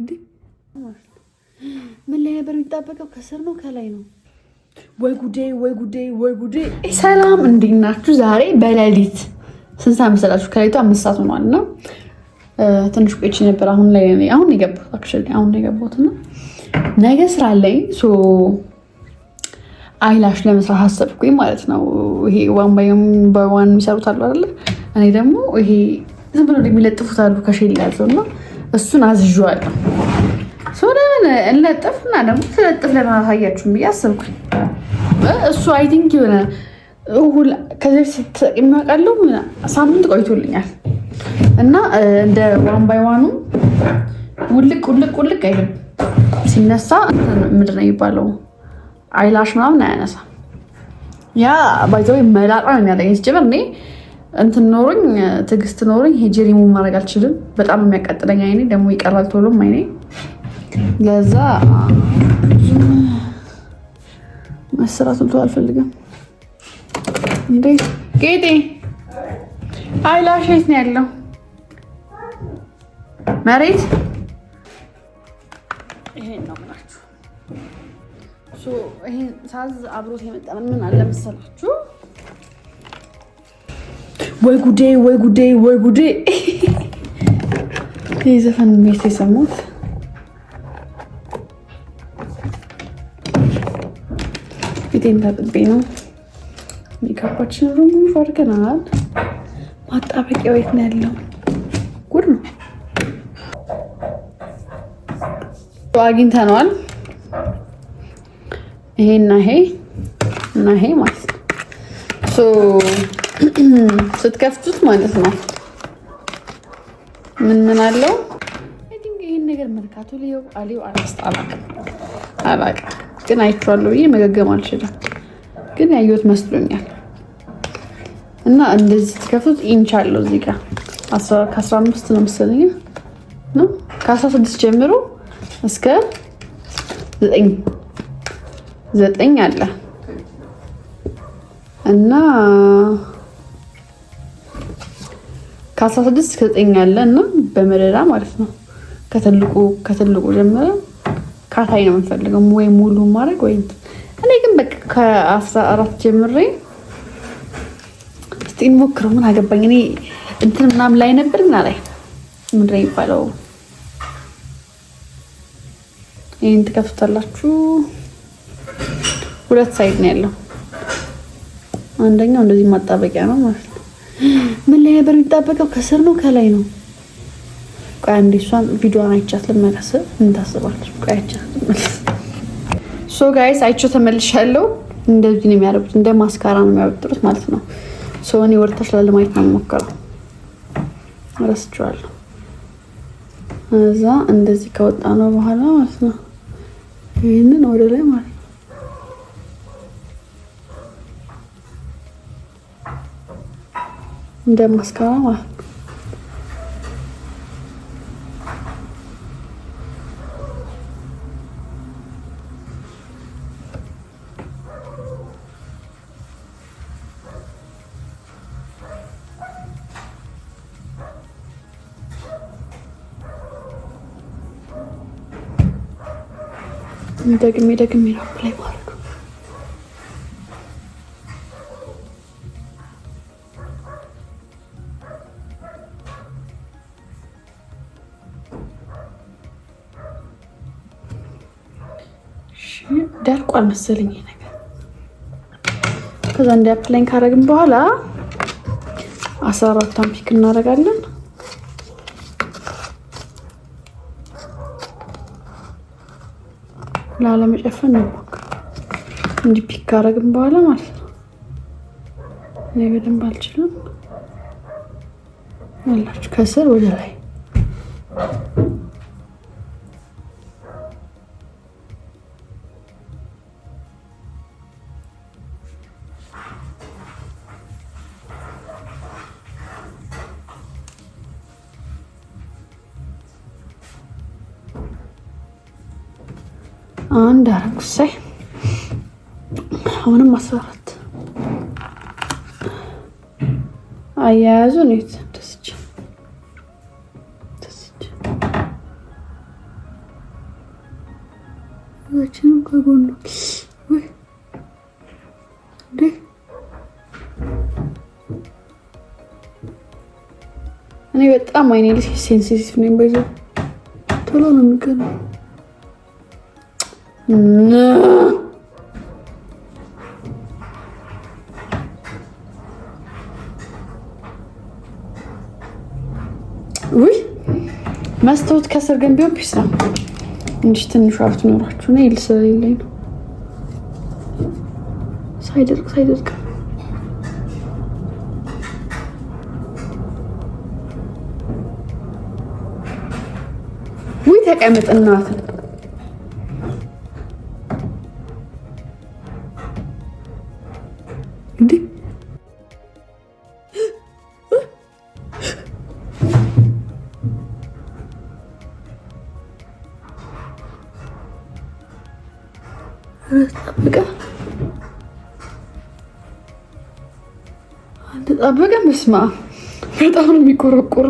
እንዴ ምን ላይ ነበር የሚጣበቀው? ከስር ነው ከላይ ነው? ወይ ጉዴ! ወይ ጉዴ! ወይ ጉዴ! ሰላም እንዴት ናችሁ? ዛሬ በሌሊት ስንት ሰዓት መሰላችሁ? ከሌሊቱ አምስት ሰዓት ሆኗል እና ትንሽ ቆይቼ ነበር። አሁን ላይ አሁን የገባሁት አክቹዋሊ አሁን ነው የገባሁት እና ነገ ስራ አለኝ። ሶ አይላሽ ለመስራት አሰብኩኝ ማለት ነው። ይሄ ዋን ባይ ዋን የሚሰሩት አሉ አይደለ? እኔ ደግሞ ይሄ ዝም ብሎ የሚለጥፉት አሉ ከሼል ያዘው እና እሱን አዝዤዋለሁ። ሶለምን እንለጥፍ እና ደግሞ ተለጥፍ ለማሳያችሁም ብዬ አስብኩኝ። እሱ አይ ቲንክ የሆነ ከዚህ በፊት የሚያውቃለው ሳምንት ቆይቶልኛል እና እንደ ዋን ባይ ዋኑ ውልቅ ውልቅ ውልቅ አይልም። ሲነሳ ምንድን ነው የሚባለው አይላሽ ምናምን አያነሳም። ያ ባይዘው መላጣ ነው የሚያደርገኝ ሲጀምር እኔ እንትን ኖሮኝ ትዕግስት ኖሮኝ ሄጄ ሪሙቭ ማድረግ አልችልም። በጣም የሚያቃጥለኝ አይኔ ደግሞ ይቀራል ቶሎም አይኔ። ለዛ መሰራት ልቶ አልፈልግም። እንዴ ጌጤ አይላሽት ነው ያለው? መሬት ይሄን ነው ምናችሁ። ይሄን ሳዝ አብሮት የመጣ ምን አለ መሰላችሁ ወይ ጉዴ፣ ወይ ጉዴ፣ ወይ ጉዴ! ይህ ዘፈን ቤት የሰማት ፊቴን ታጥቤ ነው። ሜካፓችንን ሩሙፍ አድርገናል። ማጣበቂያ የት ነው ያለው? ጉድ ነው። አግኝተነዋል። ይሄ እና ይሄ እና ይሄ ማለት ነው። ስትከፍቱት ማለት ነው። ምን ምን አለው? ይህን ነገር መልካቱ ሊየው አሊው አራስት አላውቅም አላውቅም፣ ግን አይቼዋለሁ ብዬ መገገም አልችልም፣ ግን ያየሁት መስሎኛል። እና እንደዚህ ስትከፍቱት ኢንች አለው እዚህ ጋር ከአስራ አምስት ነው መሰለኝ ነው ከአስራ ስድስት ጀምሮ እስከ ዘጠኝ ዘጠኝ አለ እና ከ16 እስከ 9 ያለ እና በመደዳ ማለት ነው። ከትልቁ ከትልቁ ጀምረ ካታይ ነው የምንፈልገው ወይ ሙሉ ማድረግ ወይ እኔ ግን በቃ ከ14 ጀምሬ እስቲ እንሞክረው። ምን አገባኝ እኔ እንትን ምናምን ላይ ነበር እና ላይ ምንድን የሚባለው? ይህን ትከፍታላችሁ። ሁለት ሳይድ ነው ያለው። አንደኛው እንደዚህ ማጣበቂያ ነው ማለት ነው። ምን ላይ ነበር የሚጣበቀው? ከስር ነው ከላይ ነው? ቆይ አንዴ እሷን ቪዲዮን አይቻት ልመለስ። ምን ታስባለች? ቆይ አይቻት ልመለስ። ሶ ጋይስ አይቼው ተመልሻለሁ። እንደዚህ ነው የሚያደርጉት። እንደ ማስካራ ነው የሚያበጥሩት ማለት ነው። ሶ እኔ ወርታች ላለማየት ነው የምሞከረው። ረስቼዋለሁ። እዛ እንደዚህ ከወጣ ነው በኋላ ማለት ነው ይህንን ወደ ላይ ማለት እንደ ማስካራ ማለት ደግሜ ደግሜ ነው አፕላይ ማድረግ ደርቋል መሰለኝ ነገር። ከዛ እንደ አፕላይን ካረግን በኋላ አስራ አራቷን ፒክ እናደርጋለን። ላለመጨፈን ነው እንዲህ ፒክ ካረግን በኋላ ማለት ነው። እኔ በደንብ አልችልም አላችሁ ከስር ወደ ላይ አንድ አረኩ። እሰይ አሁንም አስራት አራት አያያዙ ኔት ደስች ደስች ወጭን ከጎኑ እኔ በጣም አይኔ ሴንሲቲቭ ነኝ። በዚህ ቶሎ ነው የሚቀነው No. ውይ መስታወት ከስር ግን ቢሆን ፒስ ነው እንጂ ትንሿ ብትኖራችሁ ነው ይል ስለሌለኝ ነው። ሳይደርቅ ሳይደርቅ ውይ ተቀምጥ እናትን አልተጣበቀ መስማ በጣም ነው የሚቆረቆር።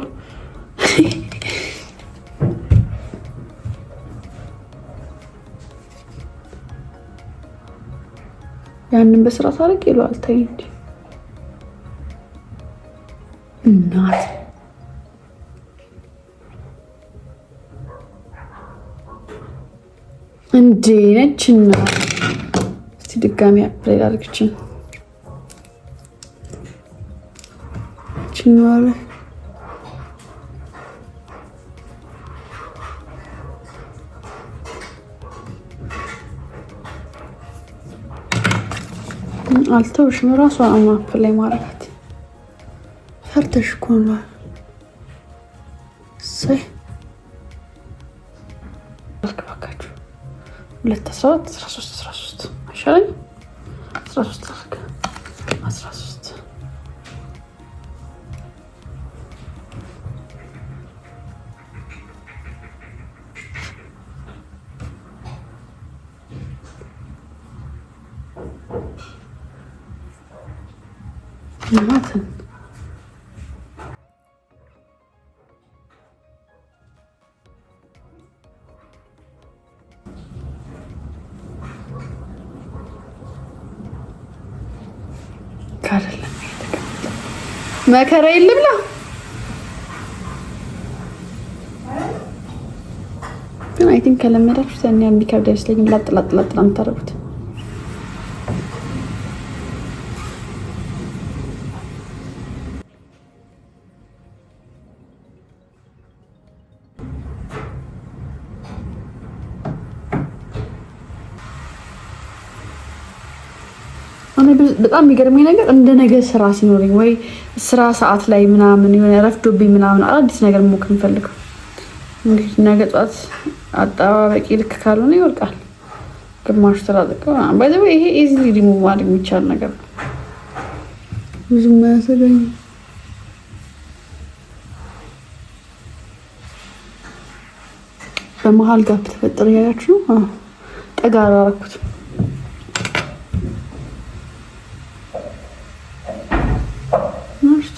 ያንን በስርዓት አድርግ ይለዋል። እንጂ እናት እንዴ ነች እናት እስቲ ድጋሚ ፕሌድ አድርግችኝ ችኛዋለ አልተውሽም። ራሱ አማ ላይ ማረጋት ፈርተሽ እኮ ነው። ሁለት አስራ አራት አስራ ሶስት ይሻለኝ። አስራ ሶስት አድርግ አይደለም መከራ የለም ብላ ግን አይ ቲንክ ከለመዳችሁ ሰኒያ ያን ቢከብድ አይመስለኝም። ላጥ ላጥ ላጥ ነው የምታደርጉት። በጣም የሚገርመኝ ነገር እንደ ነገ ስራ ሲኖርኝ ወይ ስራ ሰዓት ላይ ምናምን የሆነ ረፍዶብኝ ምናምን አዳዲስ ነገር ሞክ ንፈልገው እንግዲህ ነገ ጧት አጠባበቂ ልክ ካልሆነ ይወልቃል። ግማሽ ተላጥቀ ባይ ይሄ ኢዚ ሪሙቭ ማድረግ የሚቻል ነገር ነው። ብዙም አያሰጋኝም። በመሀል ጋፕ ተፈጠረ ያያችሁ ጠጋ አላረኩትም።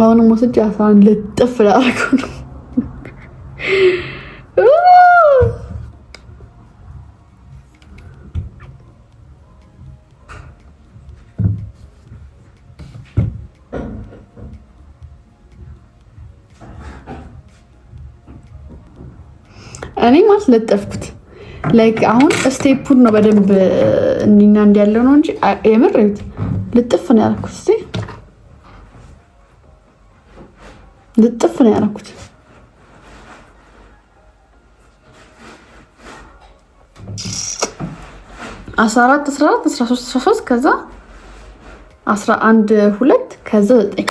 አሁንም ወስጅ አሳን አንድ ልጥፍ ላደረገው ነው። እኔ ማስለጠፍኩት ላይክ አሁን ስቴፑን ነው በደንብ እኒና እንዲያለው ነው እንጂ የምር ልጥፍ ነው ያልኩት። ልጥፍ ነው ያደረኩት። አስራ አራት አስራ አራት አስራ ሶስት አስራ ሶስት ከዛ አስራ አንድ ሁለት ከዛ ዘጠኝ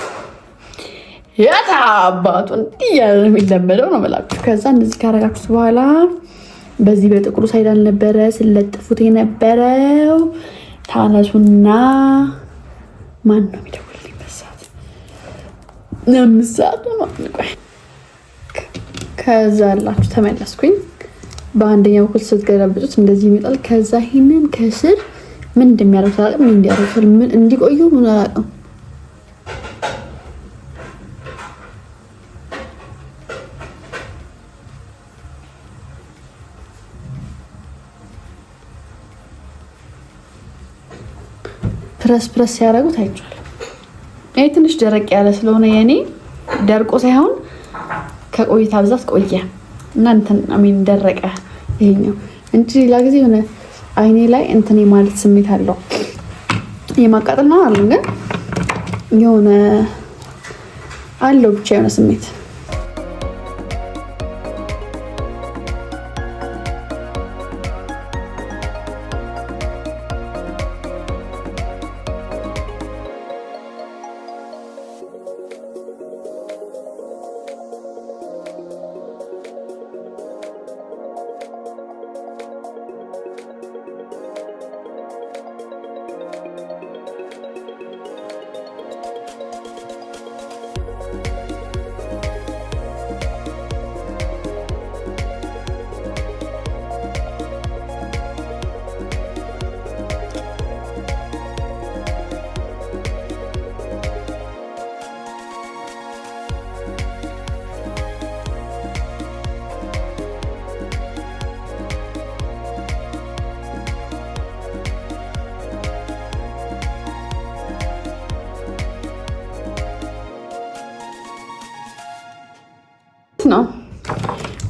የታ አባቱ እንዲህ እያለ የሚለመደው ነው መላኩ። ከዛ እንደዚህ ካረጋችሁት በኋላ በዚህ በጥቁሩ ሳይድ አልነበረ ስለጥፉት የነበረው ታነሱና ማን ነው የሚደው አምስት ሰዓት ከዛ ያላችሁ ተመለስኩኝ። በአንደኛው በኩል ስትገለብጡት እንደዚህ ይመጣል። ከዛ ይህንን ከስር ምን እንደሚያደርጉት አላውቅም። ምን እንዲያደርጉት ምን እንዲቆዩ ምን አላውቅም። ፕረስ ፕረስ ሲያደርጉት አይቼዋለሁ። ይሄ ትንሽ ደረቅ ያለ ስለሆነ የኔ ደርቆ ሳይሆን ከቆይታ ብዛት ቆየ እና እንትን አሚን ደረቀ ይሄኛው እንጂ ሌላ ጊዜ የሆነ አይኔ ላይ እንትን የማለት ስሜት አለው። የማቃጠል ነው አለ ግን የሆነ አለው ብቻ የሆነ ስሜት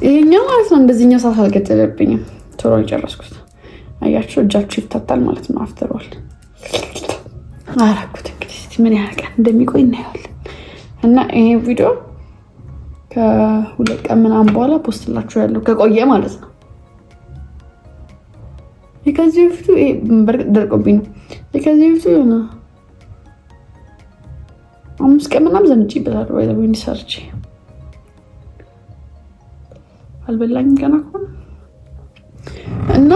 ይሄኛው ማለት ነው። እንደዚህኛው ሰዓት አልገደለብኝም። ቶሎ የጨረስኩት አያችሁ እጃችሁ ይታጣል ማለት ነው። አፍትሯል አረኩት። እንግዲህ ምን ያህል ቀን እንደሚቆይ እናየዋለን። እና ይሄ ቪዲዮ ከሁለት ቀን ምናምን በኋላ ፖስትላችሁ ያለው ከቆየ ማለት ነው። የከዚህ በፊቱ በርግጥ ደርቆብኝ ነው። የከዚህ በፊቱ የሆነ አምስት ቀን ምናምን ዘንጭ ይበታል ወይ እንዲሰርች አልበላኝም ገና ከሆነ እና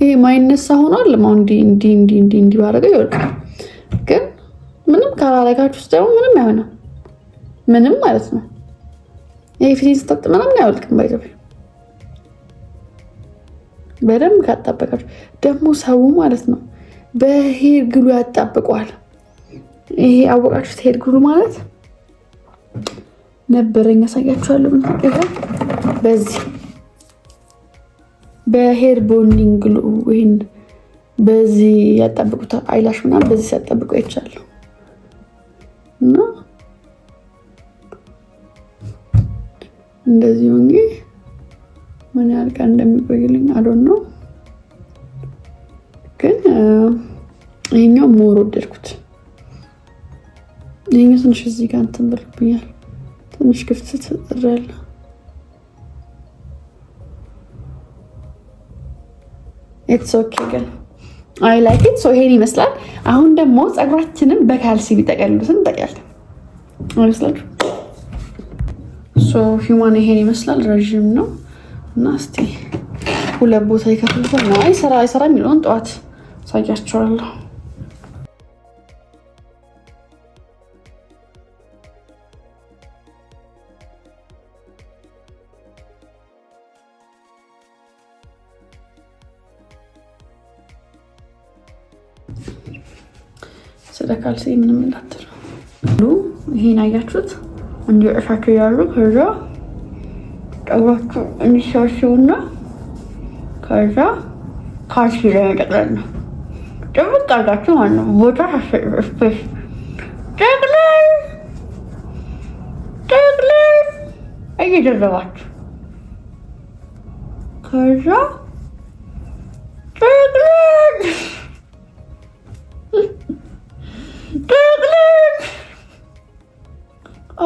ይሄ ማይነሳ ሆኗል። አሁን እንዲህ እንዲህ እንዲህ እንዲህ እንዲህ ባደረገው ይወድቃል። ግን ምንም ካላረጋችሁ ውስጥ ደግሞ ምንም አይሆንም። ምንም ማለት ነው። ይሄ ፊቴን ስጠጥ ምናምን አይወልቅም። ባይዘ በደንብ ካጣበቃችሁ ደግሞ ሰው ማለት ነው በሄድ ግሉ ያጣብቋል ይሄ አወቃችሁት ሄድ ግሉ ማለት ነበረኝ ያሳያችኋለሁ። ይሄው በዚህ በሄር ቦንዲንግ ሉ ይህን በዚህ ያጣብቁት አይላሽ ምናምን በዚህ ሲያጣብቁ አይቻለሁ እና እንደዚህ ሆኜ ምን ያህል ቀን እንደሚቆይልኝ አዶን ነው። ግን ይሄኛው ሞር ወደድኩት። ይሄኛው ትንሽ እዚህ ጋር እንትን ብሎብኛል። ትንሽ ክፍት ስትጥራለ ኢትስ ኦኬ ግን አይ ላይክ ኢት ሶ ይሄን ይመስላል። አሁን ደግሞ ፀጉራችንን በካልሲ ቢጠቀልሉትን እንጠቅላለን ይመስላችሁ። ሶ ሂማን ይሄን ይመስላል። ረዥም ነው እና እስቲ ሁለት ቦታ ይከፍሉታል ነው አይሰራ አይሰራ የሚለውን ጠዋት ሳያቸዋለሁ። ያደርጋል። ሲ ምንም እንዳትል ሁሉ ይሄን አያችሁት? እንዲ እሳቸው ያሉ ከዛ ጠጉራችሁ እንዲሰበስቡና ከዛ ካልሲ ላይ መጠቅለል ነው። ጥብቅ አርጋችሁ ማለት ነው። ቦታ ስፔስ ጠቅለል ጠቅለል እየደረባችሁ ከዛ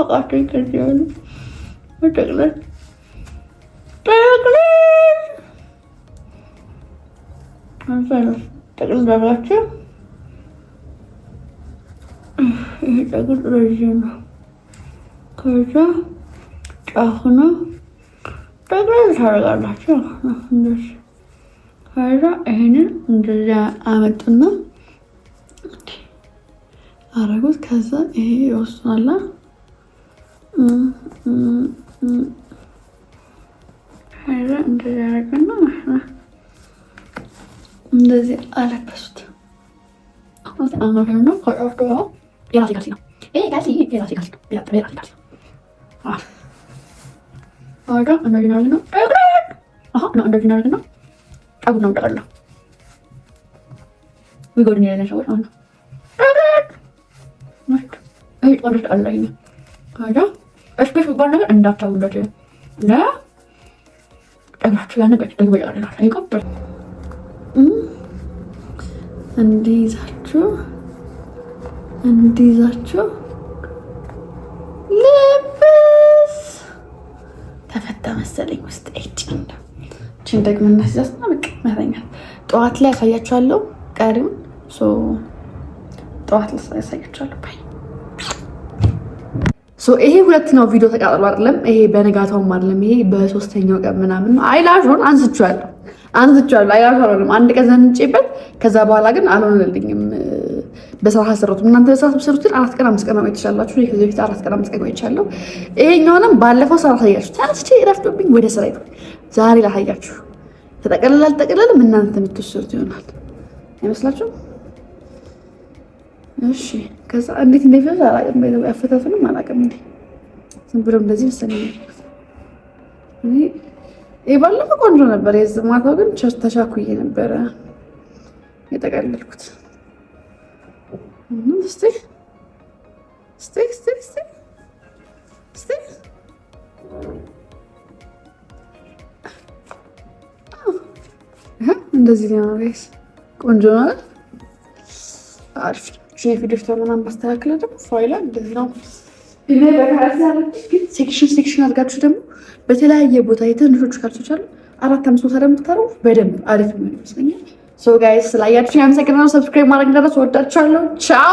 አውቃቸው ከዚህ ሆኑ መጠቅለል ጠቅልል አንሳ ነው ጠቅልል ዳብላቸው ይሄ ጠቅል ረዥም ነው። ከዛ ጫፉን ጠቅልል ታደርጋላቸው እንደዚህ። ከዛ ይሄንን እንደዚያ አመጡና አረጉት። ከዛ ይሄ ይወስናላ እንደዚህ ያደረገና እንደዚህ አለበሱት። የራሴ ነው። የራሴ ካልሲ ነው። ሰዎች አሉ። ይህ ጦርነት አለኝ እስፔስ የሚባል ነገር እንዳታውበት ለ ጠግራችሁ ያ ነገር ደግበ ያለናል አይቀበል እንዲይዛችሁ እንዲይዛችሁ ልብስ ተፈታ መሰለኝ ውስጥ እጭ ችን ደግሞ እናስዛዝና ብቅ መተኛል። ጠዋት ላይ ያሳያችኋለሁ። ቀሪም ጠዋት ላይ ያሳያችኋለሁ። ይሄ ሁለተኛው ቪዲዮ ተቃጥሎ አይደለም፣ ይሄ በነጋታውም አይደለም፣ ይሄ በሶስተኛው ቀን ምናምን ነው። አይላሹን አንስቼዋለሁ አንስቼዋለሁ። አይላሹ አልሆነም፣ አንድ ቀን ዘንጬበት፣ ከዛ በኋላ ግን አልሆነልኝም። በስራ ሰሩት እናንተ በስራ ሰሩትን አራት ቀን አምስት ቀን ቆይቻላችሁ። ከዚህ በፊት አራት ቀን አምስት ቀን ቆይቻለሁ። ይሄኛውንም ባለፈው ስራ ታያችሁ፣ ተነስቼ ረፍዶብኝ ወደ ስራ ይሆን ዛሬ ላሳያችሁ። ተጠቅልላል፣ ተጠቅልልም እናንተ የምትወስዱት ይሆናል አይመስላችሁም? እሺ ከዛ እንዴት እንደሚፈስ አላውቅም። አፈታቱንም አላውቅም። እንዴ ዝም ብሎ እንደዚህ መሰለኝ። ቆንጆ ነበር፣ የዚህ ማታው ግን ተሻኩዬ ነበረ የጠቀለልኩት። እንደዚህ ቆንጆ ነው፣ አሪፍ የፊት ለፊቷ ምናምን ባስተካክለ ደግሞ ፋይላ እንደዚህ ነው። ሴክሽን ሴክሽን አድርጋችሁ ደግሞ በተለያየ ቦታ የተንሾቹ ካልሶች አሉ አራት አምስት ቦታ ደግሞ በደንብ አሪፍ ነው ይመስለኛል። ሶ ጋይስ ስላያችሁ ያመሰግናለሁ። ሰብስክራይብ ማድረግ እንዳትረሱ። ወዳችኋለሁ። ቻው